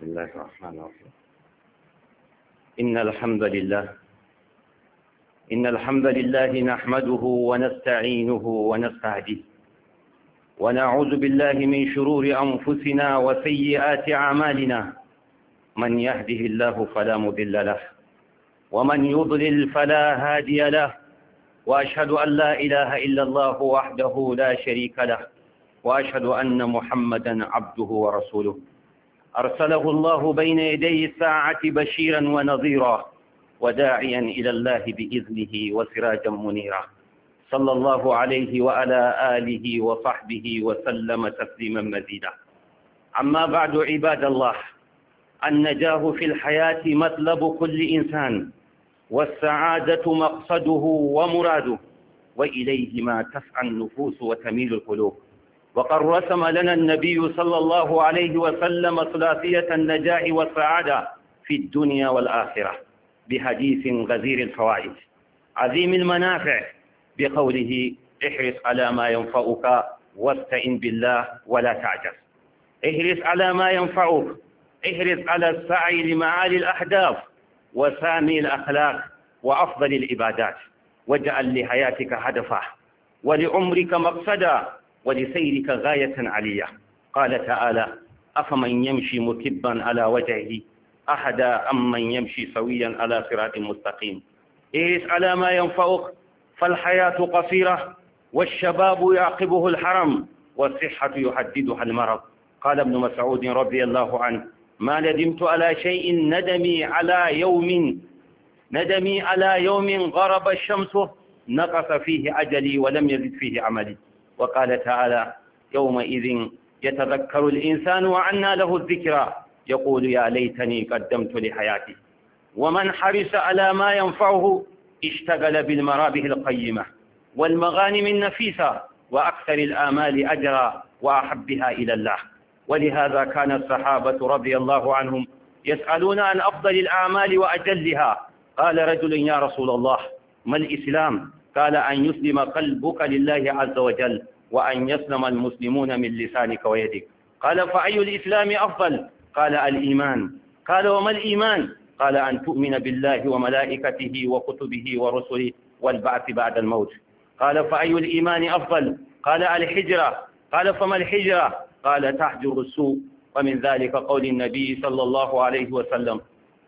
بسم الله الرحمن الرحيم إن الحمد لله إن الحمد لله نحمده ونستعينه ونستهديه ونعوذ بالله من شرور أنفسنا وسيئات أعمالنا من يهده الله فلا مضل له ومن يضلل فلا هادي له وأشهد أن لا إله إلا الله وحده لا شريك له وأشهد أن محمدا عبده ورسوله أرسله الله بين يدي الساعة بشيرا ونظيرا وداعيا إلى الله بإذنه وسراجا منيرا صلى الله عليه وعلى آله وصحبه وسلم تسليما مزيدا أما بعد عباد الله النجاه في الحياة مطلب كل إنسان والسعادة مقصده ومراده وإليهما تسعى النفوس وتميل القلوب وقد رسم لنا النبي صلى الله عليه وسلم ثلاثية النجاح والسعادة في الدنيا والآخرة بحديث غزير الفوائد عظيم المنافع بقوله احرص على ما ينفعك واستعن بالله ولا تعجز احرص على ما ينفعك احرص على السعي لمعالي الأحداث وسامي الأخلاق وأفضل العبادات واجعل لحياتك هدفا ولعمرك مقصدا ولسيرك غاية عليا قال تعالى أفمن يمشي مكبا على وجهه أحد أم من يمشي سويا على صراط مستقيم إيس على ما ينفعك فالحياة قصيرة والشباب يعقبه الحرم والصحة يحددها المرض قال ابن مسعود رضي الله عنه ما ندمت على شيء ندمي على يوم ندمي على يوم غرب الشمس نقص فيه أجلي ولم يزد فيه عملي وقال تعالى يومئذ يتذكر الإنسان وعنا له الذكرى يقول يا ليتني قدمت لحياتي ومن حرص على ما ينفعه اشتغل بالمرابه القيمة والمغانم النفيسة وأكثر الآمال أجرا وأحبها إلى الله ولهذا كان الصحابة رضي الله عنهم يسألون عن أفضل الأعمال وأجلها قال رجل يا رسول الله ما الإسلام قال أن يسلم قلبك لله عز وجل وأن يسلم المسلمون من لسانك ويدك قال فأي الإسلام أفضل قال الإيمان قال وما الإيمان قال أن تؤمن بالله وملائكته وكتبه ورسله والبعث بعد الموت قال فأي الإيمان أفضل قال الحجرة قال فما الحجرة قال تحجر السوء ومن ذلك قول النبي صلى الله عليه وسلم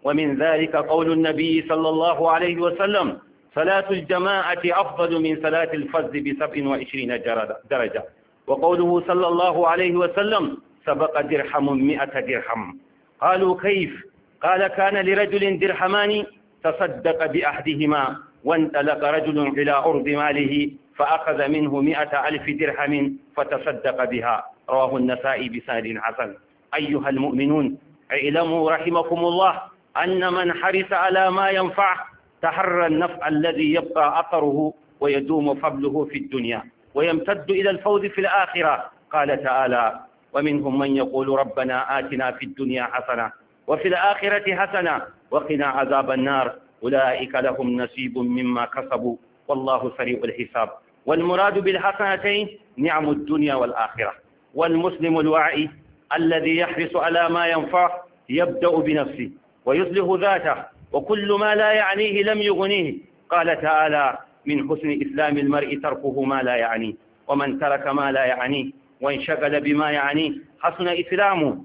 ومن ذلك قول النبي صلى الله عليه وسلم صلاة الجماعة أفضل من صلاة الفرد بسبع وعشرين درجة وقوله صلى الله عليه وسلم سبق درحم مئة درحم قالوا كيف قال كان لرجل درحمان تصدق بأحدهما وانطلق رجل إلى أرض ماله فأخذ منه مئة ألف درهم فتصدق بها رواه النسائي بسند حسن أيها المؤمنون اعلموا رحمكم الله أن من حرص على ما ينفعه تحرى النفع الذي يبقى أثره ويدوم فضله في الدنيا ويمتد إلى الفوز في الآخرة قال تعالى ومنهم من يقول ربنا آتنا في الدنيا حسنة وفي الآخرة حسنة وقنا عذاب النار أولئك لهم نصيب مما كسبوا والله سريع الحساب والمراد بالحسنتين نعم الدنيا والآخرة والمسلم الواعي الذي يحرص على ما ينفع يبدأ بنفسه ويصلح ذاته وكل ما لا يعنيه لم يغنيه قال تعالى من حسن إسلام المرء تركه ما لا يعنيه ومن ترك ما لا يعنيه وانشغل بما يعنيه حسن إسلامه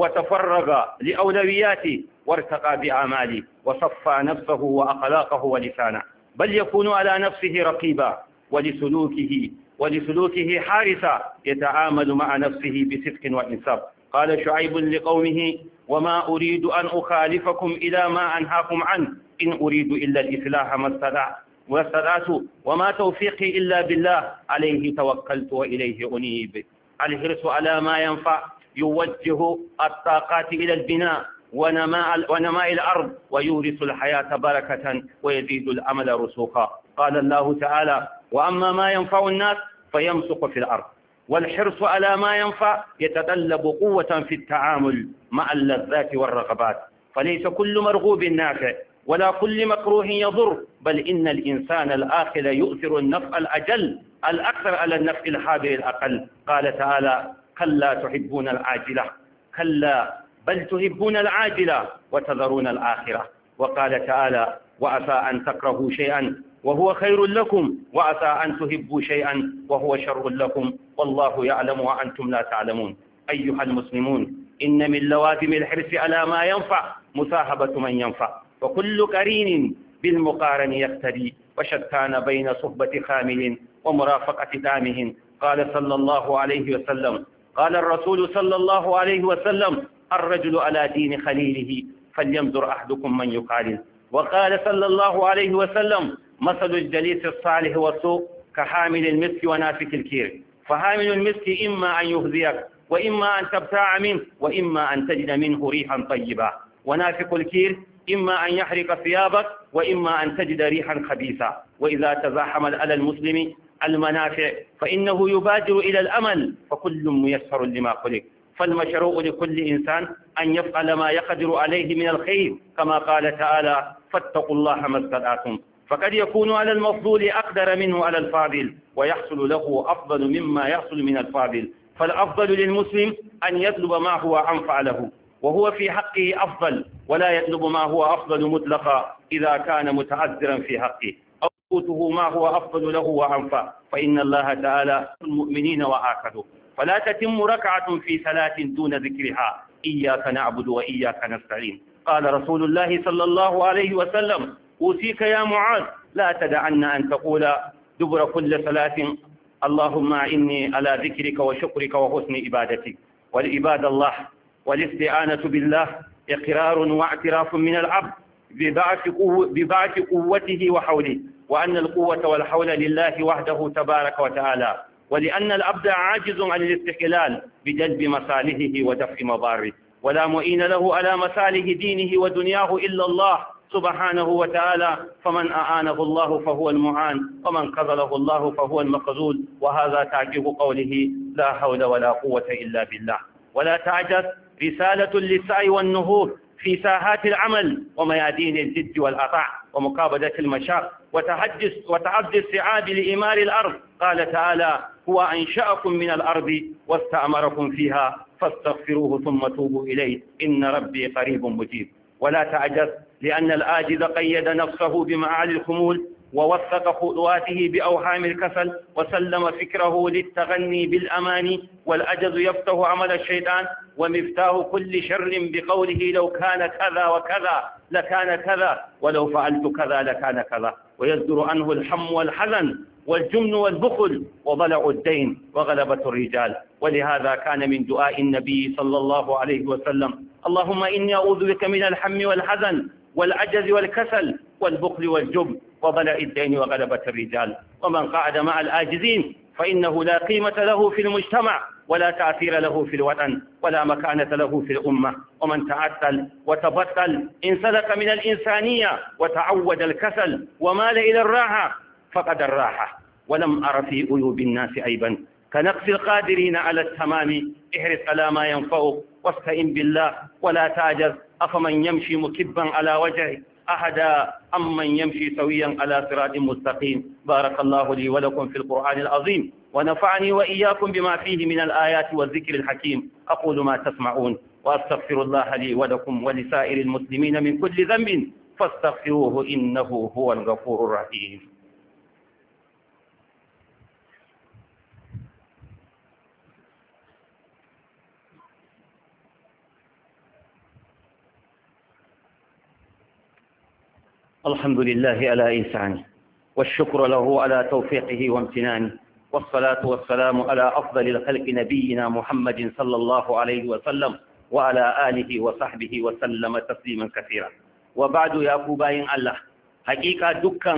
وتفرغ لأولوياته وارتقى بأعماله وصفى نفسه وأخلاقه ولسانه بل يكون على نفسه رقيبا ولسلوكه ولسلوكه حارسا يتعامل مع نفسه بصدق وإنصاف قال شعيب لقومه وما أريد أن أخالفكم إلى ما أنهاكم عنه إن أريد إلا الإصلاح ما استطعت واستطعت وما توفيقي إلا بالله عليه توكلت وإليه أنيب الحرص على ما ينفع يوجه الطاقات إلى البناء ونماء, ونماء الأرض ويورث الحياة بركة ويزيد الأمل رسوخا قال الله تعالى وأما ما ينفع الناس فيمسق في الأرض والحرص على ما ينفع يتطلب قوة في التعامل مع اللذات والرغبات فليس كل مرغوب نافع ولا كل مكروه يضر بل إن الإنسان الآخر يؤثر النفع الأجل الأكثر على النفع الحاضر الأقل قال تعالى كلا تحبون العاجلة كلا بل تحبون العاجلة وتذرون الآخرة وقال تعالى وعسى أن تكرهوا شيئا وهو خير لكم وعسى أن تهبوا شيئا وهو شر لكم والله يعلم وأنتم لا تعلمون أيها المسلمون إن من لوازم الحرص على ما ينفع مصاحبة من ينفع وكل قرين بالمقارن يقتدي وشتان بين صحبة خامل ومرافقة دامه قال صلى الله عليه وسلم قال الرسول صلى الله عليه وسلم الرجل على دين خليله فلينظر أحدكم من يقال وقال صلى الله عليه وسلم مثل الجليس الصالح والسوء كحامل المسك ونافك الكير فحامل المسك إما أن يهذيك وإما أن تبتاع منه وإما أن تجد منه ريحا طيبة ونافق الكير إما أن يحرق ثيابك وإما أن تجد ريحا خبيثة وإذا تزاحم على المسلم المنافع فإنه يبادر إلى الأمل فكل ميسر لما خلق فالمشروع لكل إنسان أن يفعل ما يقدر عليه من الخير كما قال تعالى فاتقوا الله ما استطعتم فقد يكون على المفضول أقدر منه على الفاضل ويحصل له أفضل مما يحصل من الفاضل فالأفضل للمسلم أن يطلب ما هو أنفع له وهو في حقه أفضل ولا يطلب ما هو أفضل مطلقا إذا كان متعذرا في حقه أو قوته ما هو أفضل له وأنفع فإن الله تعالى المؤمنين وآخذه فلا تتم ركعة في صلاة دون ذكرها إياك نعبد وإياك نستعين قال رسول الله صلى الله عليه وسلم أوصيك يا معاذ لا تدعن أن تقول دبر كل صلاة اللهم إني على ذكرك وشكرك وحسن عبادتك والعباد الله والاستعانة بالله إقرار واعتراف من العبد ببعث قوته وحوله وأن القوة والحول لله وحده تبارك وتعالى ولأن العبد عاجز عن الاستحلال بجلب مصالحه ودفع مضاره ولا معين له على مصالح دينه ودنياه إلا الله سبحانه وتعالى فمن أعانه الله فهو المعان ومن قذله الله فهو المقذول وهذا تعجب قوله لا حول ولا قوة إلا بالله ولا تعجب رسالة للسعي والنهوض في ساحات العمل وميادين الجد والأطاع ومقابلة المشاق وتعدي الصعاب لإمار الأرض قال تعالى هو أنشأكم من الأرض واستأمركم فيها فاستغفروه ثم توبوا إليه إن ربي قريب مجيب ولا تعجز لأن الآجز قيد نفسه بمعالي الخمول ووثق خطواته بأوهام الكسل وسلم فكره للتغني بالأماني والأجز يفتح عمل الشيطان ومفتاح كل شر بقوله لو كان كذا وكذا لكان كذا ولو فعلت كذا لكان كذا ويصدر عنه الحم والحزن والجمن والبخل وضلع الدين وغلبة الرجال ولهذا كان من دعاء النبي صلى الله عليه وسلم اللهم إني أعوذ بك من الحم والحزن والعجز والكسل والبخل والجبن وضلع الدين وغلبة الرجال ومن قعد مع الآجزين فإنه لا قيمة له في المجتمع ولا تأثير له في الوطن ولا مكانة له في الأمة ومن تعتل وتبطل انسلك من الإنسانية وتعود الكسل ومال إلى الراحة فقد الراحة ولم أر في عيوب الناس عيبا كنقص القادرين على التمام احرص على ما ينفعك واستئن بالله ولا تعجز أفمن يمشي مكبا على وجهه أحدا أمن يمشي سويا على صراط مستقيم بارك الله لي ولكم في القرآن العظيم ونفعني وإياكم بما فيه من الآيات والذكر الحكيم أقول ما تسمعون وأستغفر الله لي ولكم ولسائر المسلمين من كل ذنب فاستغفروه إنه هو الغفور الرحيم الحمد لله على إنسانه والشكر له على توفيقه وامتنانه والصلاة والسلام على أفضل الخلق نبينا محمد صلى الله عليه وسلم وعلى آله وصحبه وسلم تسليما كثيرا وبعد يا أبو باين الله حقيقة دكا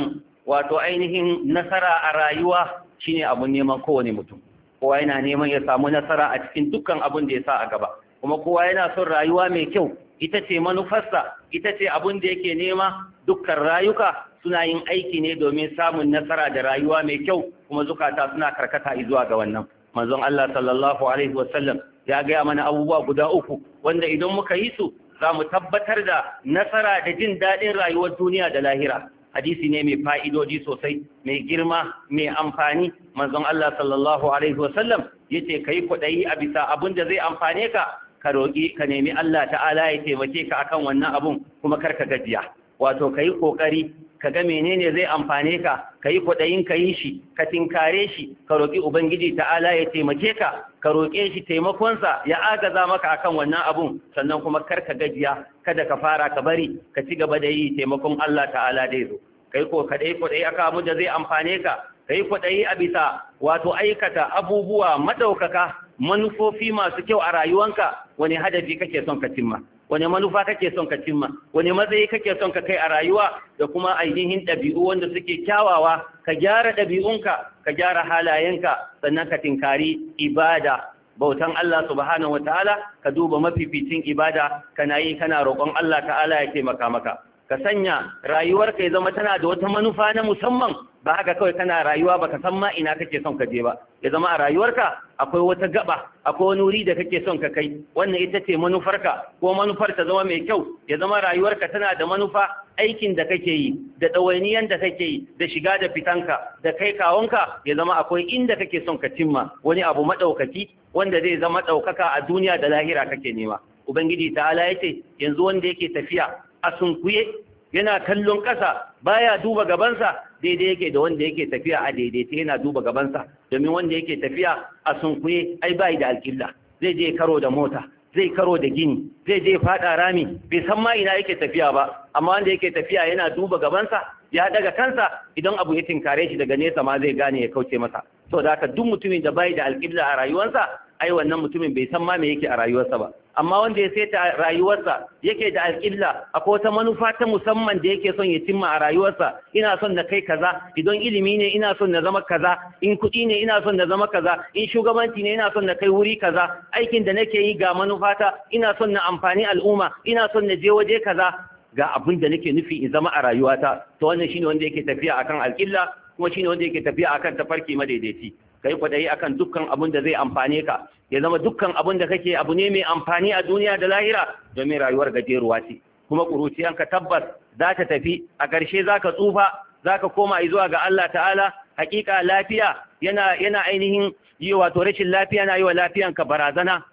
وتعينهم نصر أرايوة شيني أبو نيمان كوني متم kowa yana neman ya samu nasara a cikin dukkan abin da ya sa a gaba kuma kowa yana son rayuwa mai kyau ita ce manufarsa ita ce abin da yake nema dukkan rayuka suna yin aiki ne domin samun nasara da rayuwa mai kyau kuma zukata suna karkata izuwa ga wannan manzon Allah sallallahu alaihi wasallam ya gaya mana abubuwa guda uku wanda idan muka yi su za mu tabbatar da nasara da jin daɗin rayuwar duniya da lahira hadisi ne mai fa'idodi sosai mai girma mai amfani manzon Allah sallallahu alaihi wasallam yace kai kuɗayi a bisa abin da zai amfane ka ka roƙi ka nemi Allah ta'ala ya taimake ka akan wannan abun kuma kar ka gajiya wato ka yi ƙoƙari ka ga menene zai amfane ka ka yi kwaɗayin ka yi shi ka tinkare shi ka roƙi ubangiji ta'ala ya taimake ka ka roƙe shi taimakonsa ya agaza maka akan wannan abun sannan kuma kar ka gajiya kada ka fara ka bari ka ci gaba da yi taimakon Allah ta'ala dai zo kai ko ka dai aka da zai amfane ka kai kwaɗayi a bisa wato aikata abubuwa madaukaka. manufofi masu kyau a rayuwanka wani hadafi kake son ka cimma wani manufa kake son ka cimma wani matsayi kake son ka kai a rayuwa da kuma ainihin ɗabi'u wanda suke kyawawa ka gyara ɗabi'unka ka gyara halayenka sannan ka tinkari ibada bautan Allah subhanahu ta'ala ka duba mafificin ibada kana yi kana roƙon Allah ta'ala ya taimaka maka ka sanya rayuwarka ya zama tana da wata manufa na musamman ba haka kawai kana rayuwa baka san ma ina kake son ka je ba ya zama a rayuwarka akwai wata gaba akwai wani wuri da kake son ka kai wannan ita ce manufarka ko manufar ta zama mai kyau ya zama rayuwarka tana da manufa aikin da kake yi da ɗawainiyan da kake yi da shiga da fitanka da kai kawonka ya zama akwai inda kake son ka cimma wani abu maɗaukaki wanda zai zama ɗaukaka a duniya da lahira kake nema ubangiji ta'ala ce, yanzu wanda yake tafiya a sunkuye yana kallon ƙasa baya duba gabansa daidai yake da wanda yake tafiya a daidaita yana duba gabansa domin wanda yake tafiya a sunkuye ai bai da alƙilla zai je karo da mota zai karo da gini zai je faɗa rami bai san ma ina yake tafiya ba amma wanda yake tafiya yana duba gabansa ya daga kansa idan abu ya tinkare shi daga nesa ma zai gane ya kauce masa to da haka duk mutumin da bai da alƙibla a rayuwarsa ai wannan mutumin bai san ma me yake a rayuwarsa ba amma wanda ya saita rayuwarsa yake da alƙilla akwai wata manufa ta musamman da yake son ya cimma a rayuwarsa ina son na kai kaza idan ilimi ne ina son na zama kaza in kuɗi ne ina son na zama kaza in shugabanci ne ina son na kai wuri kaza aikin da nake yi ga manufata ina son na amfani al'umma ina son na je waje kaza ga abin da nake nufi in zama a rayuwata to wannan shine wanda yake tafiya akan alƙilla kuma shine wanda yake tafiya akan tafarki madaidaici kai kwadayi akan dukkan abun da zai amfane ka ya zama dukkan abun da kake abu ne mai amfani a duniya da lahira domin rayuwar gajeruwa ce kuma ƙuruciyanka tabbas za ta tafi a ƙarshe za ka tsufa za ka koma zuwa ga Allah ta'ala hakika lafiya yana yana ainihin yi wato rashin lafiya na yi wa lafiyanka barazana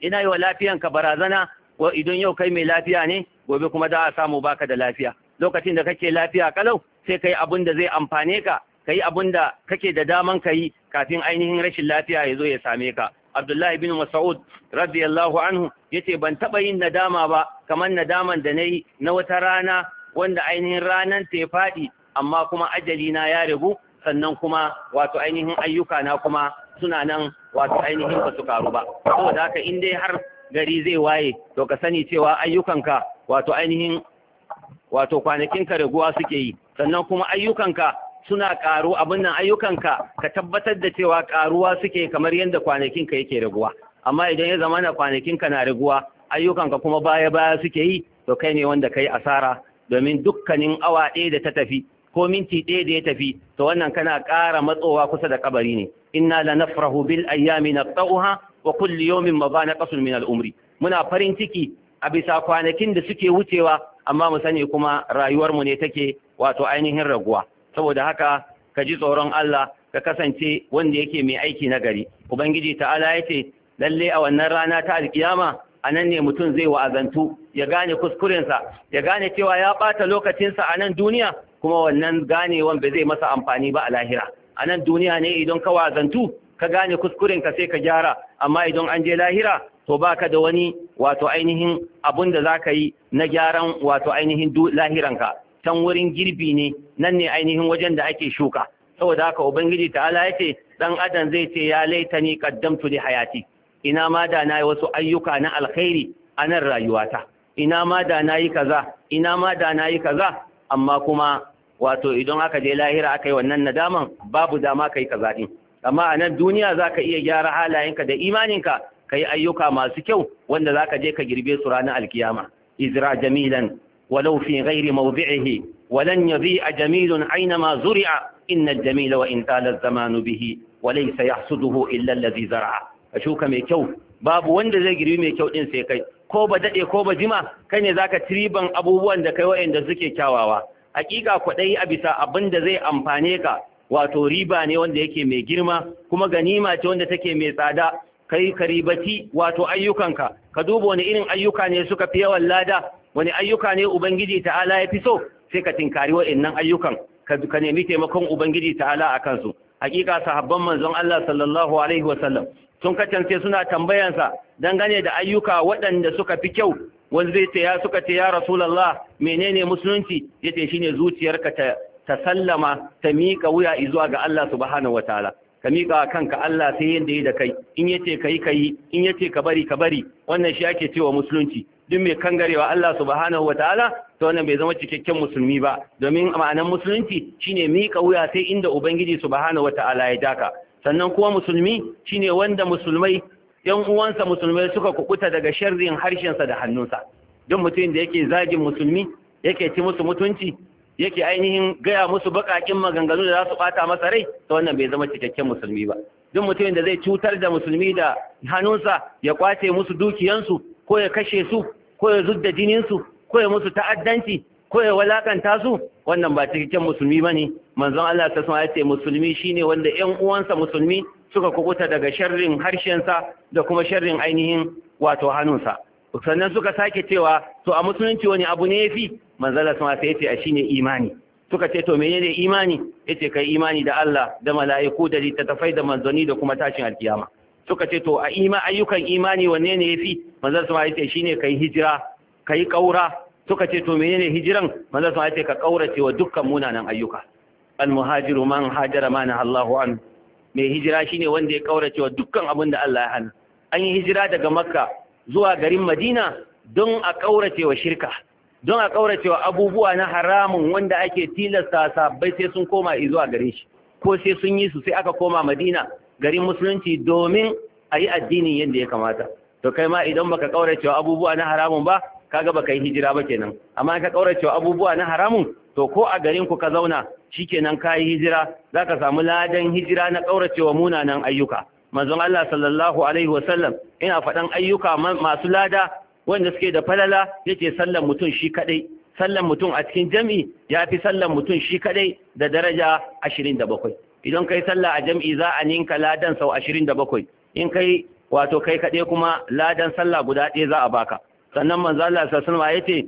ina yi wa lafiyanka barazana idan yau kai mai lafiya ne gobe kuma za a samu baka da lafiya lokacin da kake lafiya kalau sai kai abun da zai amfane ka ka yi abin da kake da daman ka yi kafin ainihin rashin lafiya ya zo ya same ka abdullahi bin mas'ud radiyallahu anhu ya ce ban taɓa yin nadama ba kamar nadaman da na yi na wata rana wanda ainihin ranan ta ya faɗi amma kuma ajali na ya rigu sannan kuma wato ainihin ayyuka na kuma suna nan wato ainihin ba su karu ba saboda haka in dai har gari zai waye to ka sani cewa ayyukanka wato ainihin wato kwanakinka raguwa suke yi sannan kuma ayyukanka suna ƙaru abin nan ayyukanka ka tabbatar da cewa ƙaruwa suke kamar yadda kwanakin ka yake raguwa amma idan ya zama na kwanakin ka na raguwa ayyukanka kuma baya baya suke yi to kai ne wanda kai asara domin dukkanin awa ɗaya da ta tafi ko minti ɗaya da ya tafi to wannan kana ƙara matsowa kusa da kabari ne inna la nafrahu bil ayyami naqta'uha wa kulli yawmin ma bana qasun min al umri muna farin ciki a bisa kwanakin da suke wucewa amma mu sani kuma rayuwar mu ne take wato ainihin raguwa saboda haka ka ji tsoron Allah ka kasance wanda yake mai aiki na gari ubangiji ta'ala ce, lalle a wannan rana ta alkiyama anan ne mutum zai wa'azantu ya gane kuskurensa ya gane cewa ya ɓata lokacinsa a nan duniya kuma wannan ganewan ba zai masa amfani ba a lahira a nan duniya ne idan ka wa'azantu ka gane kuskurenka sai ka gyara amma idan an je lahira to baka da wani wato ainihin abun da za ka yi na gyaran wato ainihin lahiranka can wurin girbi ne nan ne ainihin wajen da ake shuka saboda haka ubangiji ta'ala ya ce dan adam zai ce ya laitani qaddamtu li hayati ina ma da nayi wasu ayyuka na alkhairi a nan rayuwata ina ma da nayi kaza ina ma da nayi kaza amma kuma wato idan aka je lahira aka yi wannan nadaman babu dama kai kaza din amma a nan duniya zaka iya gyara halayenka da imaninka yi ayyuka masu kyau wanda zaka je ka girbe su ranar alkiyama izra jamilan ولو في غير موضعه ولن يبيع جميل أينما زرع إن الجميل وإن طال الزمان به وليس يحصده إلا الذي زرع أشوك ميكو باب وند زي جري ميكو إن سيكي ko ba daɗe ko ba jima kai ne zaka triban abubuwan da kai wayanda suke kyawawa hakika kwaɗayi a bisa abin da zai amfane ka wato riba ne wanda yake mai girma kuma ganima ce wanda take mai tsada kai ka ribati wato ayyukanka ka duba wani irin ayyuka ne suka fi yawan lada wani ayyuka ne ubangiji ta'ala ya fi so sai ka tinkari wa'annan ayyukan ka nemi taimakon ubangiji ta'ala a kansu hakika sahabban manzon Allah sallallahu alaihi wasallam sun kacance suna tambayansa dangane da ayyuka waɗanda suka fi kyau wanzu zai ce ya suka ce ya rasulullah menene musulunci yace shine zuciyarka ta ta sallama ta miƙa wuya zuwa ga Allah subhanahu wataala ka miƙa kanka Allah sai yadda yi da kai in yace kai kai in yace ka bari ka bari wannan shi ake cewa musulunci duk mai kangarewa Allah subhanahu ta'ala) to wannan bai zama cikakken musulmi ba domin ma'anar musulunci shine mika wuya sai inda ubangiji subhanahu ta'ala ya daka sannan kuma musulmi shine wanda musulmai yan uwansa musulmai suka kukuta daga sharrin sa da hannunsa duk mutum da yake zagin musulmi yake ci musu mutunci yake ainihin gaya musu bakakin maganganu da za su bata masa rai to wannan bai zama cikakken musulmi ba duk mutumin da zai cutar da musulmi da hannunsa ya kwace musu dukiyansu ko ya kashe su ko ya zudda jininsu ko ya musu ta'addanci ko ya walakanta su wannan ba cikakken musulmi ba ne manzon Allah ta sun ce musulmi shine wanda ƴan uwansa musulmi suka kukuta daga sharrin harshensa da kuma sharrin ainihin wato hannunsa sannan suka sake cewa to a musulunci wani abu ne yafi manzon Allah sun ce a shine imani suka ce to menene imani yace kai imani da Allah da mala'iku da littattafai da manzoni da kuma tashin alkiyama suka ce to a ima ayyukan imani wanne ne yafi manzon sama ce shine kai hijira kai kaura suka ce to menene hijiran manzon sama ce ka kaurace wa dukkan munanan ayyuka al muhajiru man hajara mana Allahu an mai hijira shine wanda ya kaurace wa dukkan abin da Allah ya hana an yi hijira daga Makka zuwa garin Madina don a kaurace wa shirka don a kaurace wa abubuwa na haramun wanda ake tilasta sabbai sai sun koma zuwa gare shi ko sai sun yi su sai aka koma Madina garin musulunci domin a yi addini yadda ya kamata to kai ma idan baka kauracewa abubuwa na haramun ba kaga baka yi hijira ba kenan amma ka cewa abubuwa na haramun to ko a garin ku ka zauna shikenan ka yi hijira Za ka samu ladan hijira na kauracewa munanan ayyuka manzon Allah sallallahu alaihi wasallam ina faɗan ayyuka masu lada wanda suke da falala yake sallan mutum shi kadai sallan mutum a cikin jami'i ya fi sallan mutum shi kadai da daraja ashirin da bakwai idan kai sallah a jami'i za a ninka ladan sau ashirin da bakwai in kai wato kai kaɗai kuma ladan sallah guda ɗaya za a baka sannan manzo Allah sallallahu alaihi ce,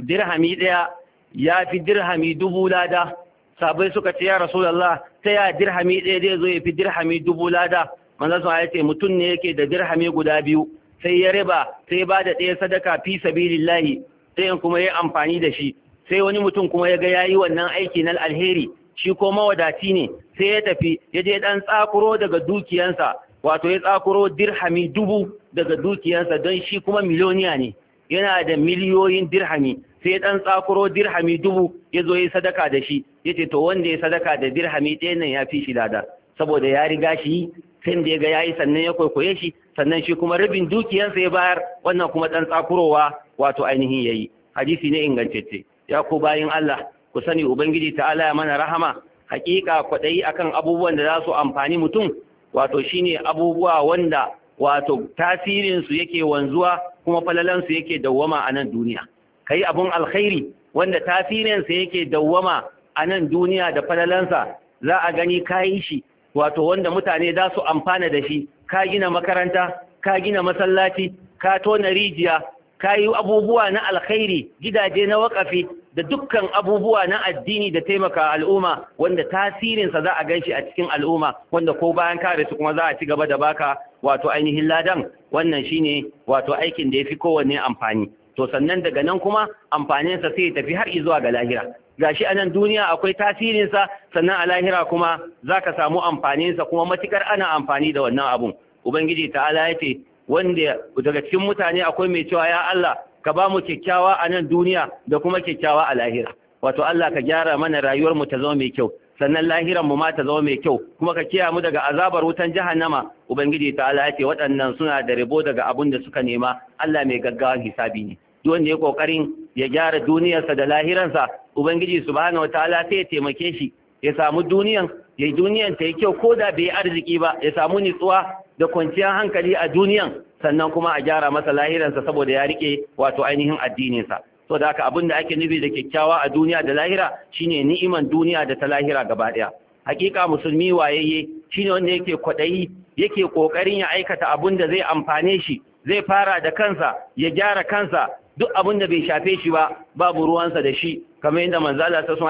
dirhami ɗaya ya fi dirhami dubu lada sabai suka ce ya rasulullah ta ya dirhami ɗaya zai zo ya fi dirhami dubu lada manzo sallallahu alaihi ce mutum ne yake da dirhami guda biyu sai ya riba sai ba da ɗaya sadaka fi sabilillahi sai kuma ya amfani da shi sai wani mutum kuma ya ga ya yi wannan aiki na alheri shi ko mawadaci ne sai ya tafi ya je ɗan tsakuro daga dukiyansa wato ya tsakuro dirhami dubu daga dukiyansa don shi kuma miliyoniya ne yana da miliyoyin dirhami sai ɗan tsakuro dirhami dubu ya zo ya sadaka da shi ya ce to wanda ya sadaka da dirhami ɗaya nan ya fi shi lada saboda ya riga shi sai da ya ga yayi sannan ya kwaikwaye shi sannan shi kuma rabin dukiyansa ya bayar wannan kuma ɗan tsakurowa wato ainihin yayi hadisi ne ingantacce ya ko bayin Allah ku sani ubangiji ta'ala ya mana rahama hakika kwaɗayi akan abubuwan da za su amfani mutum wato shi ne abubuwa wanda wato tasirinsu yake wanzuwa kuma falalansu yake dawwama a nan duniya Ka yi abun alkhairi wanda tasirinsa yake dawwama a nan duniya da falalansa za a gani kayi shi wato wanda mutane za su amfana da shi ka gina makaranta ka gina masallaci ka tona rijiya ka yi abubuwa na alkhairi gidaje na wakafi, da dukkan abubuwa na addini da taimaka al'umma wanda tasirinsa za a ganshi a cikin al'umma wanda ko bayan ka rasu kuma za a ci gaba da baka wato ainihin ladan wannan shine wato aikin da ya fi kowanne amfani to sannan daga nan kuma amfaninsa sai ya tafi har zuwa ga lahira gashi a nan duniya akwai tasirinsa sannan a lahira kuma za ka samu amfaninsa kuma matukar ana amfani da wannan abun ubangiji ta'ala ya ce wanda daga cikin mutane akwai mai cewa ya Allah ka ba mu kyakkyawa a nan duniya da kuma kyakkyawa a lahira wato Allah ka gyara mana rayuwar mu ta zama mai kyau sannan lahiran mu ma ta zama mai kyau kuma ka kiyaye mu daga azabar wutan jahannama ubangiji ta Allah ya ce waɗannan suna da rabo daga abun da suka nema Allah mai gaggawan hisabi ne duk wanda ya kokarin ya gyara duniyarsa da lahiransa ubangiji subhanahu wataala sai ya taimake shi ya samu duniyan ya duniyan ta yi kyau ko da bai arziki ba ya samu nitsuwa da kwanciyar hankali a duniyan sannan kuma a gyara masa lahiransa saboda ya rike wato ainihin addininsa so da haka abin da ake nufi da kyakkyawa a duniya da lahira shine ni'iman duniya da ta lahira gaba ɗaya hakika musulmi wayayye shine wanda yake kwaɗayi yake ƙoƙarin ya aikata abin da zai amfane shi zai fara da kansa ya gyara kansa duk abin da bai shafe shi ba babu ruwansa da shi kamar yadda manzala ta sun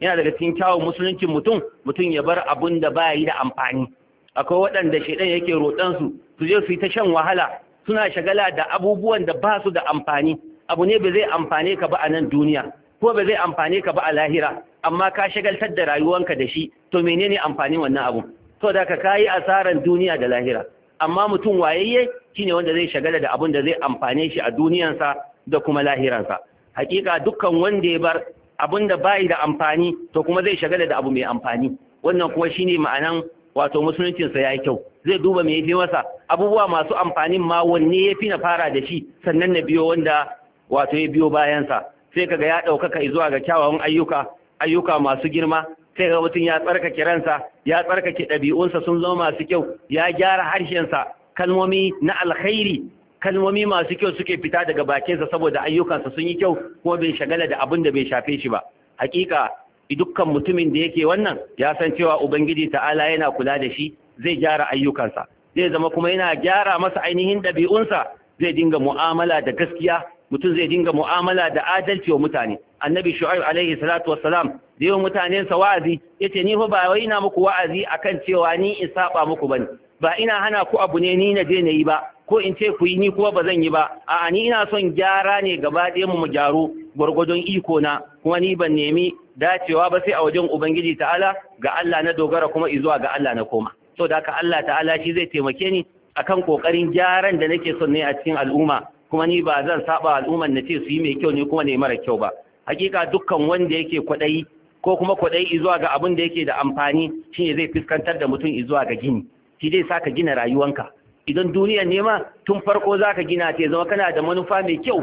yana daga cikin kyawun musuluncin mutum mutum ya bar abin da ba yi da amfani akwai waɗanda shaidan yake roɗansu su je su yi ta shan wahala suna shagala da abubuwan da ba su da amfani abu ne ba zai amfane ka ba a nan duniya ko ba zai amfane ka ba a lahira amma ka shagaltar da rayuwanka da shi to menene amfanin wannan abu to da ka kayi asaran duniya da lahira amma mutum wayayye shine wanda zai shagala da abun da zai amfane shi a duniyansa da kuma lahiransa hakika dukkan wanda ya bar abun da bai da amfani to kuma zai shagala da abu mai amfani wannan kuma shine ma'anan wato musuluncinsa ya yi kyau zai duba me fi masa abubuwa masu amfani ma wanne ya fi na fara da shi sannan na biyo wanda wato ya biyo bayansa sai kaga ya ɗaukaka zuwa ga kyawawan ayyuka ayyuka masu girma sai ga mutum ya tsarkake ransa ya tsarkake ɗabi'unsa sun zama masu kyau ya gyara harshen sa kalmomi na alkhairi kalmomi masu kyau suke fita daga bakinsa saboda ayyukansa sun yi kyau kuma bai shagala da abin da bai shafe shi ba hakika dukkan mutumin da yake wannan ya san cewa ubangiji ta'ala yana kula da shi zai gyara ayyukansa zai zama kuma yana gyara masa ainihin ɗabi'unsa zai dinga mu'amala da gaskiya mutum zai dinga mu'amala da adalci wa mutane annabi shu'aib alaihi salatu wassalam da yawan mutanensa sa wa'azi ce ni fa ba wai ina muku wa'azi akan cewa ni in saba muku bane ba ina hana ku abu ne ni na je na yi ba ko in ce ku yi ni kuma ba zan yi ba a'a ni ina son gyara ne gaba ɗaya mu gyaru gwargwadon iko na kuma ni ban nemi dacewa ba sai a wajen ubangiji ta'ala ga Allah na dogara kuma izuwa ga Allah na koma so da haka Allah ta'ala shi zai taimake ni akan kokarin gyaran da nake son ne a cikin al'umma kuma ni ba zan saba al'umman na ce su yi mai kyau ne kuma ne mara kyau ba hakika dukkan wanda yake kwaɗayi ko kuma kwaɗayi izuwa ga abin da yake da amfani shi ne zai fuskantar da mutum izuwa ga gini shi zai sa ka gina rayuwanka idan duniya ne ma tun farko za ka gina ta zama kana da manufa mai kyau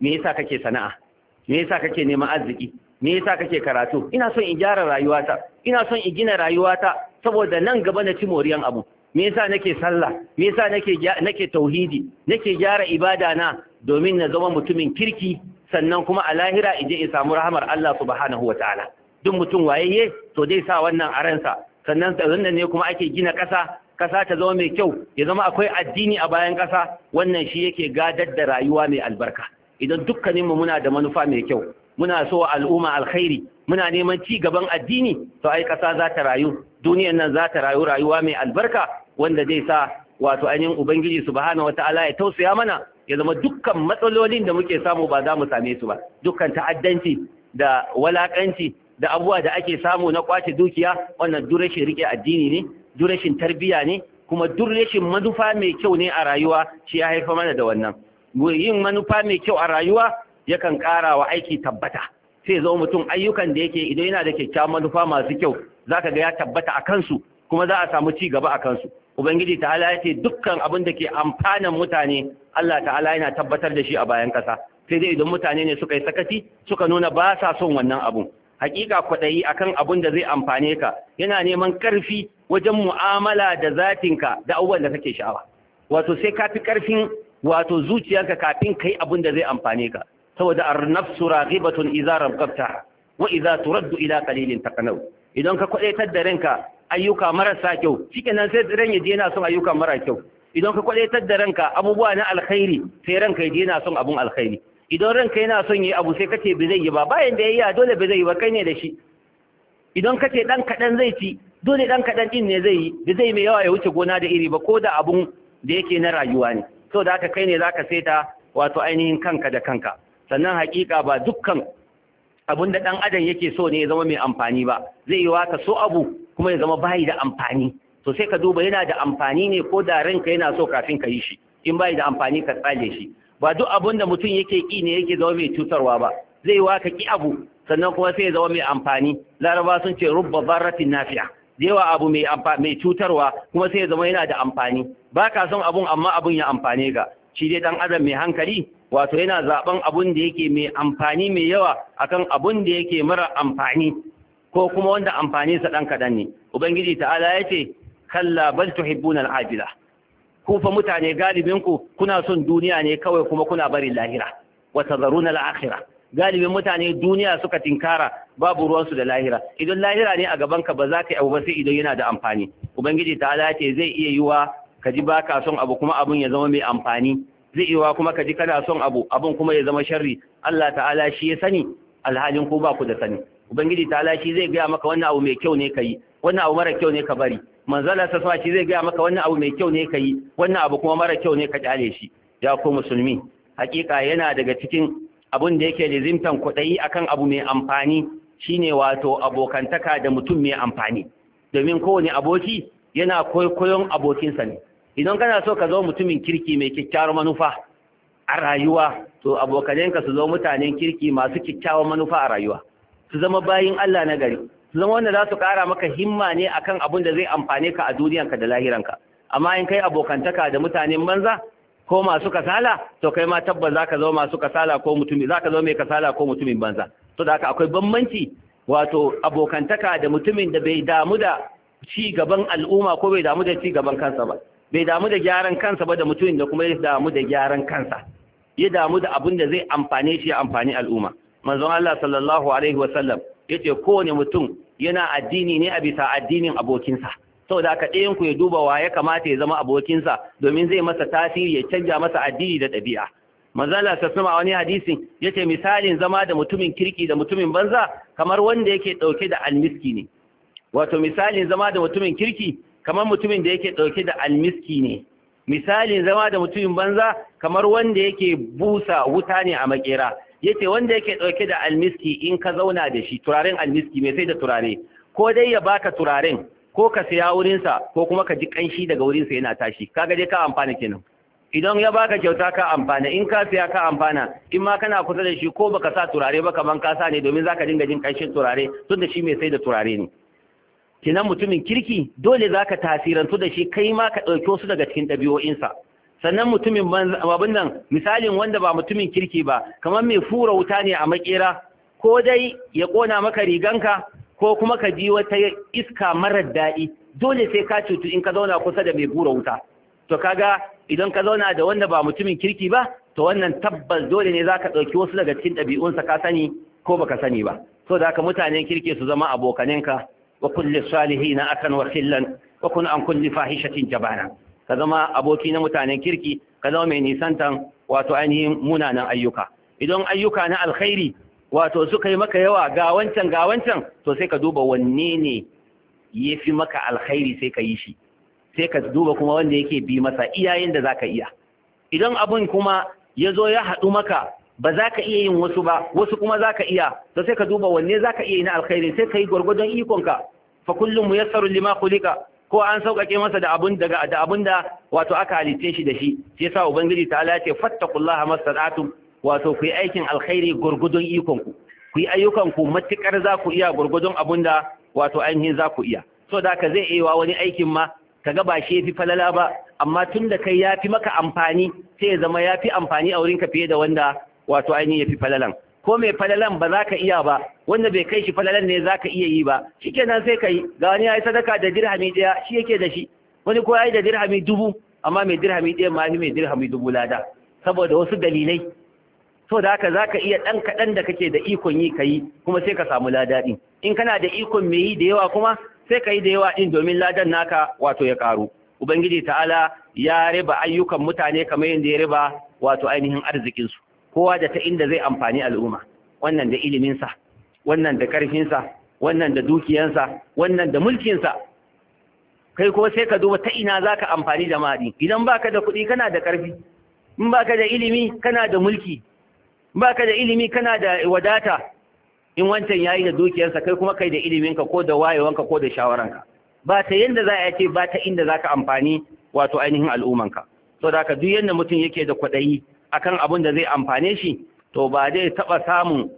me yasa kake sana'a me yasa kake neman arziki me yasa kake karatu ina son in gyara rayuwata ina son in gina rayuwata saboda nan gaba na ci moriyan abu me yasa nake sallah me yasa nake nake tauhidi nake gyara ibada na domin na zama mutumin kirki sannan kuma a lahira ije in samu rahamar Allah subhanahu wataala duk mutum wayayye to dai sa wannan a ransa sannan sannan ne kuma ake gina kasa kasa ta zama mai kyau ya zama akwai addini a bayan kasa wannan shi yake gadar da rayuwa mai albarka idan dukkaninmu muna da manufa mai kyau muna so al'umma alkhairi muna neman ci gaban addini to ai ƙasa za ta rayu Duniyar nan za ta rayu rayuwa mai albarka wanda zai sa wato ainihin ubangiji subhanahu wataala ya tausaya mana ya zama dukkan matsalolin da muke samu ba za mu same su ba dukkan ta'addanci da walakanci da abubuwa da ake samu na kwace dukiya wannan duk rashin rike addini ne duk rashin tarbiya ne kuma duk rashin manufa mai kyau ne a rayuwa shi ya haifa mana da wannan yin manufa mai kyau a rayuwa yakan ƙara wa aiki tabbata sai zo mutum ayyukan da yake idan yana da kyakkyawan manufa masu kyau zaka ga ya tabbata a kansu kuma za a samu ci gaba a kansu ubangiji ta ya ce dukkan abin da ke amfanan mutane Allah ta'ala yana tabbatar da shi a bayan kasa sai dai idan mutane ne suka yi sakati suka nuna ba sa son wannan abun hakika kwaɗayi akan abun da zai amfane ka yana neman ƙarfi wajen mu'amala da zatinka da abubuwan da kake sha'awa wato sai ka fi ƙarfin wato zuciyarka kafin ka yi abun da zai amfane ka saboda ar-nafsu raghibatun idza rabqabta wa idza turaddu ila qalilin taqanu idan ka kwadaitar da ranka ayyuka marasa kyau shikenan sai ran ya yana son ayyuka mara kyau idan ka kwadaitar da ranka abubuwa na alkhairi sai ranka ya yana son abun alkhairi idan ranka yana son yayi abu sai kace bai zai yi ba bayan da yayi dole bai zai yi ba kai ne da shi idan kace dan kadan zai ci dole dan kadan din ne zai yi bai zai mai yawa ya wuce gona da iri ba ko da abun da yake na rayuwa ne saboda haka kai ne zaka saita wato ainihin kanka da kanka sannan hakika ba dukkan abun da ɗan adam yake so ne ya zama mai amfani ba zai yi waka so abu kuma ya zama bayi da amfani to sai ka duba yana da amfani ne ko da ranka yana so kafin ka yi shi in bayi da amfani ka tsale shi ba duk abun da mutum yake ki ne yake zama mai cutarwa ba zai waka ki abu sannan kuma sai ya zama mai amfani laraba sun ce rubba barratin nafi'a yawa abu mai cutarwa kuma sai ya zama yana da amfani ba ka son abun amma abun ya amfane ga. shi dai dan adam mai hankali wato yana zaɓen abun da yake mai amfani mai yawa akan abun da yake mara amfani ko kuma wanda amfani sa dan kaɗan ne ubangiji ta'ala ce kalla bal tuhibbuna na ku fa mutane galibinku kuna son duniya ne kawai kuma kuna bari lahira wa tadharuna na la'akira. galibin mutane duniya suka tinkara babu ruwansu da lahira idan lahira ne a gabanka ba za ka yi abu ba sai idan yana da amfani ubangiji ta ce zai iya yiwa ka ji ba ka son abu kuma abun ya zama mai amfani zai iya kuma ka ji kana son abu abun kuma ya zama sharri Allah ta'ala shi ya sani alhalin ko ba ku da sani ubangiji ta'ala shi zai gaya maka wannan abu mai kyau ne ka yi. wannan abu mara kyau ne ka bari manzala sa shi zai gaya maka wannan abu mai kyau ne ka yi. wannan abu kuma mara kyau ne ka kyale shi ya ko musulmi hakika yana daga cikin abun da yake lizimtan kuɗai akan abu mai amfani shine wato abokantaka da mutum mai amfani domin kowane aboki yana koyon abokinsa ne idan kana so ka zo mutumin kirki mai kyakkyawar manufa a rayuwa to abokanenka su zo mutanen kirki masu kyakkyawar manufa a rayuwa su zama bayin Allah na gari su zama wanda za su kara maka himma ne akan abin da zai amfane ka a duniyanka da lahiranka amma in kai abokantaka da mutanen banza ko masu kasala to kai ma tabbas ka zo masu kasala ko mutumi ka zo mai kasala ko mutumin banza to da haka akwai bambanci wato abokantaka da mutumin da bai damu da ci gaban al'umma ko bai damu da ci gaban kansa ba bai damu da gyaran kansa ba da mutumin da kuma ya damu da gyaran kansa ya damu da abin da zai amfane shi ya amfani al'umma manzon Allah sallallahu alaihi wa sallam yace kowane mutum yana addini ne a bisa addinin abokinsa saboda haka ɗayan ku ya duba wa ya kamata ya zama abokinsa domin zai masa tasiri ya canja masa addini da ɗabi'a manzon Allah sallallahu wani hadisin yace misalin zama da mutumin kirki da mutumin banza kamar wanda yake dauke da almiski ne wato misalin zama da mutumin kirki kamar mutumin da yake ɗauke da almiski ne misalin zama da mutumin banza kamar wanda yake busa wuta ne a makera yace wanda yake ɗauke da almiski in ka zauna da shi turaren almiski mai sai da turare ko dai ya baka turaren ko ka siya wurinsa ko kuma ka ji ƙanshi daga wurinsa yana tashi kaga dai ka amfana kenan idan ya baka kyauta ka amfana in ka siya ka amfana in ma kana kusa da shi ko baka sa turare ba kaman ka sa ne domin zaka dinga jin ƙanshin turare da shi mai sai da turare ne kinan mutumin kirki dole za ka tasirantu da shi kai ma ka ɗauki wasu daga cikin ɗabi'o'insa sannan mutumin abin nan misalin wanda ba mutumin kirki ba kamar mai fura wuta ne a makera ko dai ya ƙona maka riganka ko kuma ka ji wata iska marar daɗi dole sai ka cutu in ka zauna kusa da mai fura wuta to ga idan ka zauna da wanda ba mutumin kirki ba to wannan tabbas dole ne za ka ɗauki wasu daga cikin ɗabi'unsa ka sani ko baka sani ba so da haka mutanen kirki su zama abokanenka وكل salihi na وخلا وكن عن كل فاحشة جبانا كذما أبوكينا متانا كيركي كذما من نسانتا وتعينهم منانا أيوكا إذن أيوكا أنا الخيري wato suka yi maka yawa ga wancan ga wancan to sai ka duba wanne ne ya fi maka alkhairi sai ka yi shi sai ka duba kuma wanda yake bi masa iyayen da za ka iya idan abin kuma ya zo ya haɗu maka ba za ka iya yin wasu ba wasu kuma za ka iya to sai ka duba wanne za ka iya yi na alkhairi sai ka yi gwargwadon ikonka fa kullum muyassarun lima khuliqa ko an sauƙaƙe masa da abun daga da abun wato aka halice shi da shi sai sa ubangiji ta alace fattaqullaha mastata'tum wato ku yi aikin alkhairi gurgudun ikon ku ku yi ayyukan ku matukar za ku iya gurgudun abun da wato ainihin za ku iya so da ka zai iya wani aikin ma kaga ba shi yafi falala ba amma tun da kai yafi maka amfani sai ya zama yafi amfani a wurinka fiye da wanda wato ainihin yafi falalan ko mai falalan ba za ka iya ba wanda bai kai shi falalan ne za ka iya yi ba shi kenan sai ka yi ga wani ya yi sadaka da dirhami ɗaya shi yake da shi wani ko ya yi da dirhami dubu amma mai dirhami ɗaya ma mai dirhami dubu lada saboda wasu dalilai so haka za ka iya ɗan kaɗan da kake da ikon yi ka yi kuma sai ka samu lada ɗin in kana da ikon mai yi da yawa kuma sai ka yi da yawa ɗin domin ladan naka wato ya ƙaru ubangiji ta'ala ya riba ayyukan mutane kamar yadda ya riba wato ainihin arzikinsu kowa da ta inda zai amfani al'umma wannan da iliminsa wannan da ƙarfinsa wannan da dukiyansa wannan da mulkinsa kai ko sai ka duba ta ina za ka amfani da maɗi idan baka da kuɗi kana da ƙarfi in baka da ilimi kana da mulki in baka da ilimi kana da wadata in wancan yayi da dukiyarsa kai kuma kai da iliminka ko da wayewanka ko da shawaranka ba ta yanda za a ce ba ta inda za ka amfani wato ainihin al'ummanka so da haka duk yanda mutum yake da kwaɗayi akan abun da zai amfane shi to ba zai taɓa samun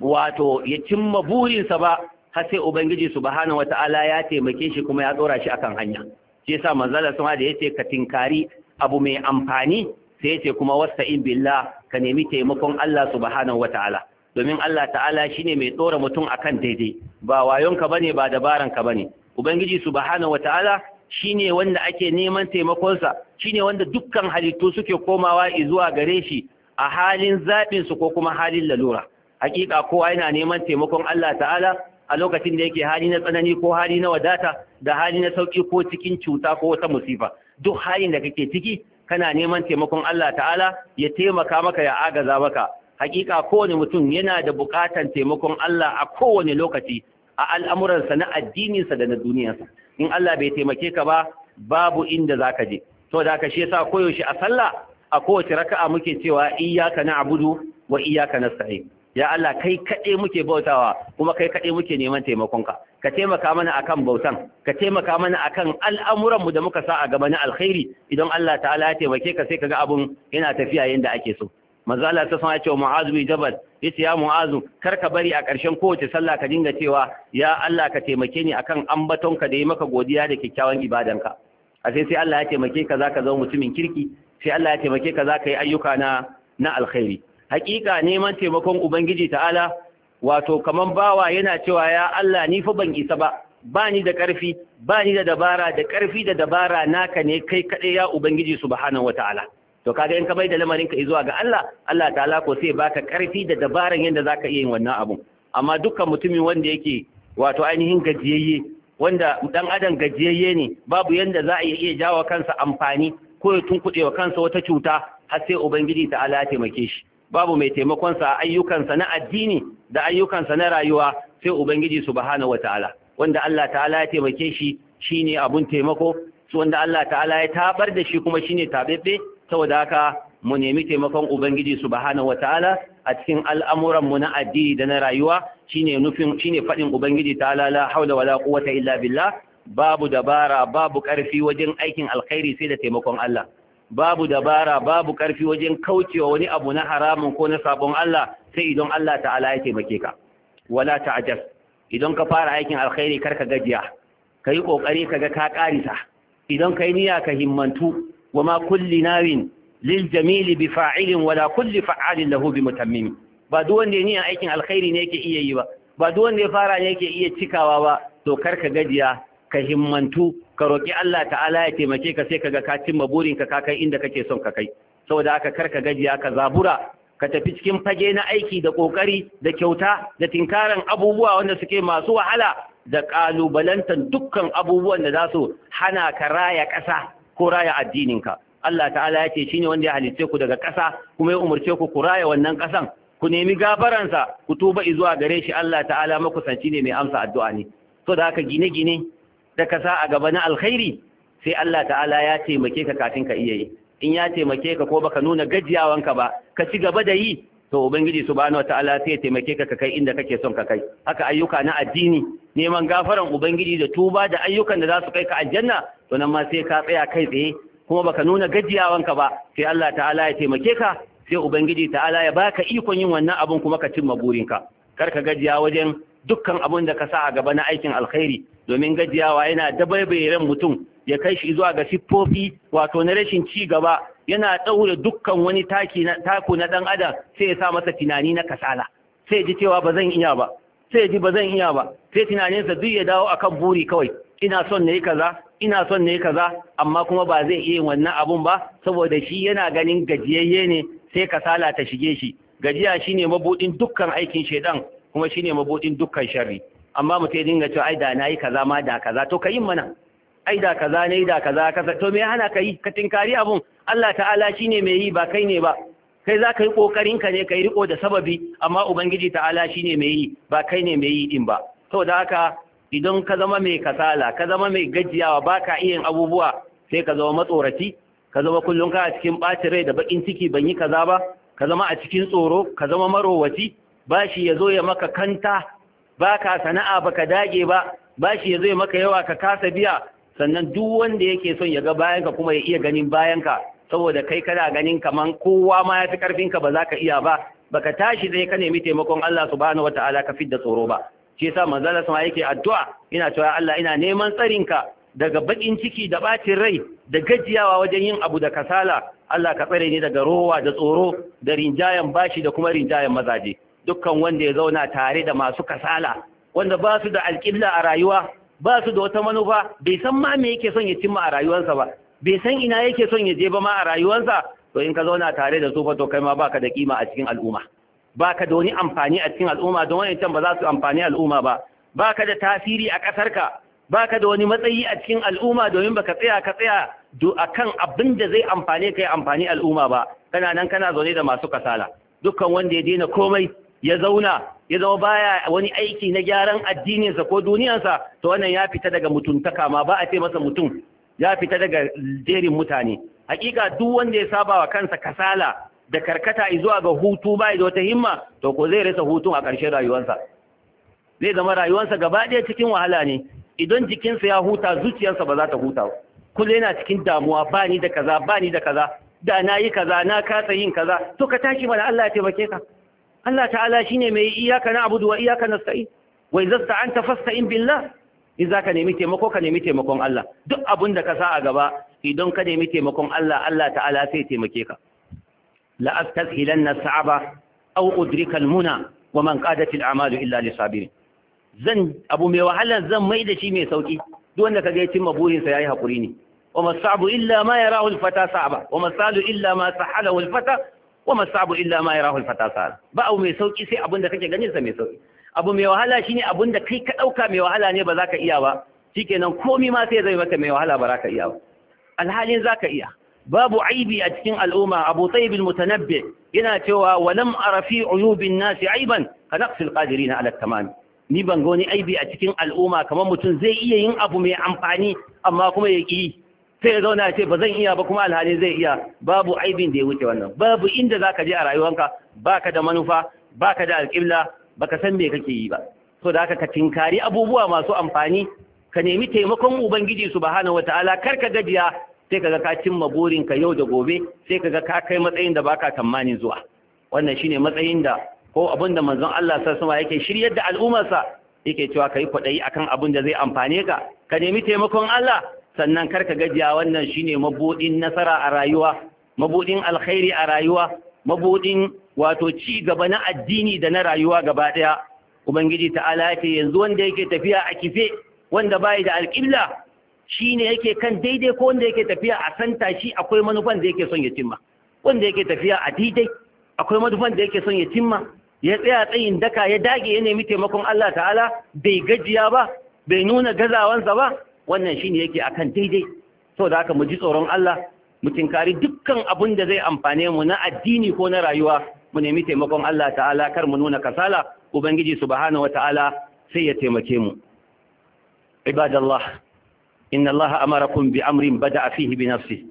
wato ya cimma burinsa ba har sai ubangiji subhanahu wata'ala ya taimake shi kuma ya tsora shi akan hanya shi yasa manzala sun da yace ka tinkari abu mai amfani sai yace kuma wasta'in billah ka nemi taimakon Allah subhanahu wata'ala domin Allah ta'ala shine mai tsora mutum akan daidai ba wayonka bane ba dabaranka bane ubangiji subhanahu wata'ala Shi ne wanda ake neman taimakonsa shi ne wanda dukkan halittu suke komawa zuwa gare shi a halin zaɓinsu ko kuma halin lalura hakika kowa yana neman taimakon Allah ta'ala a lokacin da yake hali na tsanani ko hali na wadata da hali na sauki ko cikin cuta ko wata musifa duk halin da kake ciki kana neman taimakon Allah ta'ala ya taimaka maka ya agaza maka hakika kowane mutum yana da bukatan taimakon Allah a kowane lokaci a al'amuransa na addininsa da na duniyarsa in Allah bai taimake ka ba babu inda zaka je to da ka shi yasa koyaushe a sallah a kowace raka'a muke cewa iyyaka na'budu wa iyyaka nasta'in ya Allah kai kade muke bautawa kuma kai kade muke neman taimakon ka ka taimaka mana akan bautan ka taimaka mana akan al'amuran mu da muka sa a gaba na alkhairi idan Allah ta'ala ya taimake ka sai kaga abun yana tafiya yanda ake so manzo Allah ta sanar cewa Mu'adh Jabal yace ya mu'azu kar ka bari a ƙarshen kowace sallah ka dinga cewa ya Allah ka taimake ni akan ambatonka da yi maka godiya da kyakkyawan ibadanka a sai sai Allah ya taimake ka zaka zama mutumin kirki sai Allah ya taimake ka zaka yi ayyuka na na alkhairi hakika neman taimakon ubangiji ta'ala wato kaman bawa yana cewa ya Allah ni fa ban isa ba ba ni da ƙarfi ba ni da dabara da ƙarfi da dabara naka ne kai kaɗai ya ubangiji subhanahu wataala to kaga in ka bai da lamarin ka zuwa ga Allah Allah ta'ala ko sai baka karfi da dabaran yadda zaka iya yin wannan abun amma dukkan mutumin wanda yake wato ainihin gajiyayye wanda dan adam gajiyayye ne babu yanda za a iya jawo kansa amfani ko ya tunkuɗe wa kansa wata cuta har sai ubangiji ta ala taimake shi babu mai taimakonsa a ayyukansa na addini da ayyukansa na rayuwa sai Ubangiji subhanahu wataala wanda Allah ta'ala ya taimake shi shine abun taimako su wanda Allah ta'ala ya tabar da shi kuma shine tabebbe saboda haka mu nemi taimakon ubangiji subhanahu wataala a cikin al'amuran mu na addini da na rayuwa shine nufin shine fadin ubangiji ta'ala la haula wala quwwata illa billah babu dabara babu karfi wajen aikin alkhairi sai da taimakon Allah babu dabara babu karfi wajen kaucewa wani abu na haramun ko na sabon Allah sai idan Allah ta'ala ya taimake ka wala ta'jaz idan ka fara aikin alkhairi kar ka gajiya kai kokari kaga ka karisa idan kai niyya ka himmantu وما كل نار للجميل بفاعل ولا كل فعال له بمتمم ba duk wanda ne aikin alkhairi ne yake iya yi ba ba duk wanda ya fara ne yake iya cikawa ba to kar ka gajiya ka himmantu ka roki Allah ta'ala ya taimake ka sai kaga ka cimma burin ka kai inda kake son ka kai saboda haka kar ka gajiya ka zabura ka tafi cikin fage na aiki da kokari da kyauta da tinkaran abubuwa wanda suke masu wahala da kalubalantar dukkan abubuwan da za su hana ka raya ƙasa ko raya addininka Allah ta'ala ya ce shine wanda ya halitte ku daga ƙasa kuma ya umarce ku ku raya wannan ƙasan ku nemi gafaransa ku tuba zuwa gare shi Allah ta'ala makusanci ne mai amsa addu'a ne so da haka gine-gine da ka sa a gaba na alkhairi sai Allah ta'ala ya taimake ka kafin ka iya yi in ya taimake ka ko baka nuna gajiyawanka ba ka ci gaba da yi to ubangiji subhanahu wataala sai ya taimake ka kai inda kake son ka kai haka ayyuka na addini neman gafaran ubangiji da tuba da ayyukan da za su kai ka aljanna to nan ma sai ka tsaya kai tsaye kuma baka nuna gajiyawanka ba sai Allah ta'ala ya taimake ka sai ubangiji ta'ala ya baka ikon yin wannan abun kuma ka cimma burinka kar ka gajiya wajen dukkan abun da ka sa a gaba na aikin alkhairi domin gajiyawa yana da mutum ya kai shi zuwa ga siffofi wato na rashin ci gaba yana ɗaure dukkan wani taku na ɗan adam sai ya sa masa tunani na kasala sai ji cewa ba zan iya ba sai ji ba zan iya ba sai tunaninsa duk ya dawo akan buri kawai ina son na kaza ina son ne kaza amma kuma ba zai iya wannan abun ba saboda shi yana ganin gajiyayye ne sai kasala ta shige shi gajiya shine mabudin dukkan aikin shedan kuma shine mabudin dukkan sharri amma mutai dinga cewa ai da nayi kaza ma da kaza to ka mana ai da kaza ne da kaza kaza to me hana ka yi ka tinkari abun Allah ta'ala shine mai yi ba kai ne ba kai za ka yi kokarin ka ne ka yi riko da sababi amma ubangiji ta'ala shine mai yi ba kai ne mai yi din ba da haka idan ka zama mai kasala ka zama mai gajiyawa ba ka iya yin abubuwa sai ka zama matsoraci ka zama kullum ka a cikin ɓacin rai da bakin ciki ban yi kaza ba ka zama a cikin tsoro ka zama marowaci bashi ya zo ya maka kanta ba ka sana'a ba ka dage ba bashi ya zo ya maka yawa ka kasa biya sannan duk wanda yake son ya ga bayanka kuma ya iya ganin bayanka saboda kai kana ganin kaman kowa ma ya fi karfinka ba za ka iya ba baka tashi zai ka nemi taimakon Allah subhanahu wataala ka fidda tsoro ba shi yasa manzala sama yake addu'a ina cewa Allah ina neman tsarinka daga bakin ciki da bacin rai da gajiyawa wajen yin abu da kasala Allah ka tsare ni daga rowa da tsoro da rinjayen bashi da kuma rinjayen mazaje dukkan wanda ya zauna tare da masu kasala wanda ba su da alƙibla a rayuwa ba su da wata manufa bai san ma me yake son ya cimma a rayuwarsa ba bai san ina yake son ya je ba ma a rayuwarsa to in ka zauna tare da su fa to kai ma baka da kima a cikin al'umma baka da wani amfani a cikin al'umma don wani can ba za su amfani al'umma ba baka da tasiri a ƙasarka baka da wani matsayi a cikin al'umma domin baka tsaya ka tsaya akan abin da zai amfane kai amfani al'umma ba kana nan kana zaune da masu kasala dukkan wanda ya daina komai ya zauna ya zama baya wani aiki na gyaran addininsa ko duniyansa to wannan ya fita daga mutuntaka ma ba a ce masa mutum ya fita daga jerin mutane hakika duk wanda ya saba wa kansa kasala da karkata zuwa ga hutu ba da wata himma to ko zai rasa hutun a ƙarshen rayuwarsa zai zama rayuwarsa gaba ɗaya cikin wahala ne idan jikinsa ya huta zuciyarsa ba za ta huta kullum yana cikin damuwa ba ni da kaza ba ni da kaza da na yi kaza na kasa yin kaza to ka tashi mana Allah ya taimake ka Allah ta'ala shine mai iyaka na abudu wa iyaka Wai wa idza sta'anta fasta'in billah in ka nemi taimako ka nemi taimakon Allah duk abin da ka sa a gaba idan ka nemi taimakon Allah Allah ta'ala sai taimake ka la astazhilanna sa'aba au udrika kalmuna wa man qadat al'amalu illa lisabirin zan abu mai wahala zan mai da shi mai sauki duk wanda kaga ya cimma burinsa yayi hakuri ne wa masabu illa ma yarahu alfata sa'aba wa masalu illa ma sahalahu alfata wa masabu illa ma yarahu al-fatasal ba abu mai sauki sai abinda kake ganin sa mai sauki abu mai wahala shine abinda kai ka dauka mai wahala ne ba za ka iya ba shikenan komai ma sai zai maka mai wahala ba za ka iya ba alhalin za ka iya babu aibi a cikin al'umma abu tayyib al-mutanabbi yana cewa wa lam ara fi uyubin nas aiban ka al-qadirin ala tamam ni ban ga wani aibi a cikin al'umma kamar mutum zai iya yin abu mai amfani amma kuma ya ki sai ya zauna ce ba zan iya ba kuma alhali zai iya babu aibin da ya wuce wannan babu inda za ka je a rayuwanka ba ka da manufa ba ka da alƙibla ba ka san me kake yi ba so da haka ka tinkari abubuwa masu amfani ka nemi taimakon ubangiji subhanahu wataala kar ka gajiya sai ga ka cimma burinka yau da gobe sai kaga ka kai matsayin da baka tamanin zuwa wannan shine matsayin da ko abin da manzon Allah sallallahu alaihi yake shiryar da al'ummarsa yake cewa kai kwadayi akan abin da zai amfane ka ka nemi taimakon Allah sannan kar ka gajiya wannan shine mabudin nasara a rayuwa mabudin alkhairi a rayuwa mabudin wato ci gaba na addini da na rayuwa gaba daya ubangiji ta'ala yake yanzu wanda yake tafiya a kife wanda bai da alƙibla shine yake kan daidai ko wanda yake tafiya a santa shi akwai manufan da yake son ya cimma wanda yake tafiya a daidai akwai manufan da yake son ya cimma ya tsaya tsayin daka ya dage ya nemi taimakon Allah ta'ala bai gajiya ba bai nuna gazawansa ba wannan shine yake akan daidai saboda haka mu ji tsoron Allah mu tinkari dukkan abin da zai amfane mu na addini ko na rayuwa mu nemi taimakon Allah ta'ala kar mu nuna kasala ubangiji subhanahu wata'ala sai ya taimake mu ibadallah inna Allah amarakum bi amrin bada'a fihi bi nafsi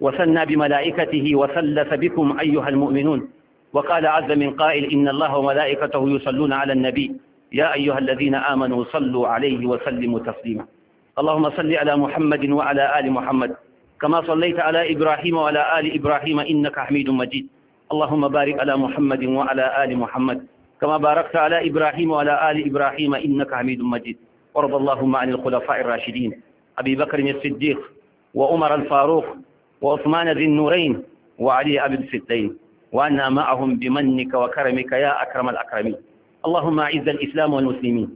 wa sanna bi malaikatihi wa sallasa bikum ayyuhal mu'minun wa qala azza min qa'il inna Allah wa malaikatahu yusalluna 'alan nabi ya ayyuhal ladhina amanu sallu 'alayhi wa sallimu taslima اللهم صل على محمد وعلى آل محمد كما صليت على إبراهيم وعلى آل إبراهيم إنك حميد مجيد اللهم بارك على محمد وعلى آل محمد كما باركت على إبراهيم وعلى آل إبراهيم إنك حميد مجيد وارض اللهم عن الخلفاء الراشدين أبي بكر الصديق وعمر الفاروق وعثمان ذي النورين وعلي أبي الستين وأنا معهم بمنك وكرمك يا أكرم الأكرمين اللهم أعز الإسلام والمسلمين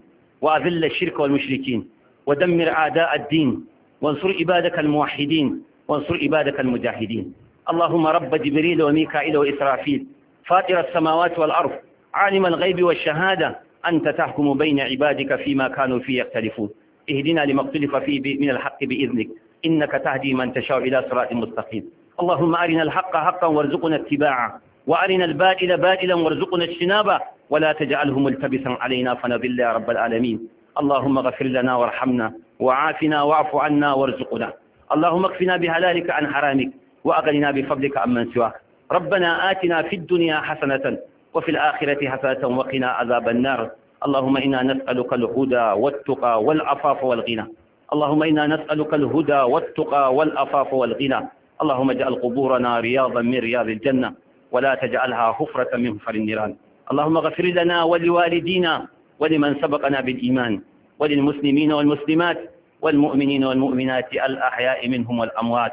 وأذل الشرك والمشركين ودمر أعداء الدين وانصر عبادك الموحدين وانصر عبادك المجاهدين اللهم رب جبريل وميكائيل وإسرافيل فاطر السماوات والأرض عالم الغيب والشهادة أنت تحكم بين عبادك فيما كانوا فيه يختلفون اهدنا لما اختلف فيه من الحق بإذنك إنك تهدي من تشاء إلى صراط مستقيم اللهم أرنا الحق حقا وارزقنا اتباعه وأرنا الباطل باطلا وارزقنا اجتنابه ولا تجعله ملتبسا علينا فنضل يا رب العالمين اللهم اغفر لنا وارحمنا وعافنا واعف عنا وارزقنا اللهم اكفنا بهلالك عن حرامك وأغننا بفضلك عمن سواك ربنا آتنا في الدنيا حسنة وفي الآخرة حسنة وقنا عذاب النار اللهم إنا نسألك الهدى والتقى والعفاف والغنى اللهم إنا نسألك الهدى والتقى والعفاف والغنى اللهم اجعل قبورنا رياضا من رياض الجنة ولا تجعلها حفرة من حفر النيران اللهم اغفر لنا ولوالدينا ولمن سبقنا بالإيمان وللمسلمين والمسلمات والمؤمنين والمؤمنات الأحياء منهم والأموات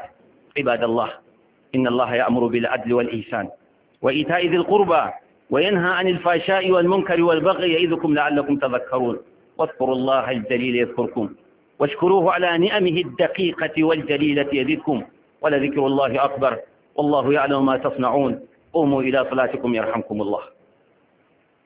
عباد الله إن الله يأمر بالعدل والإحسان وإيتاء ذي القربى وينهى عن الفحشاء والمنكر والبغي يعظكم لعلكم تذكرون واذكروا الله الجليل يذكركم واشكروه على نعمه الدقيقة والجليلة يزدكم ولذكر الله أكبر والله يعلم ما تصنعون قوموا إلى صلاتكم يرحمكم الله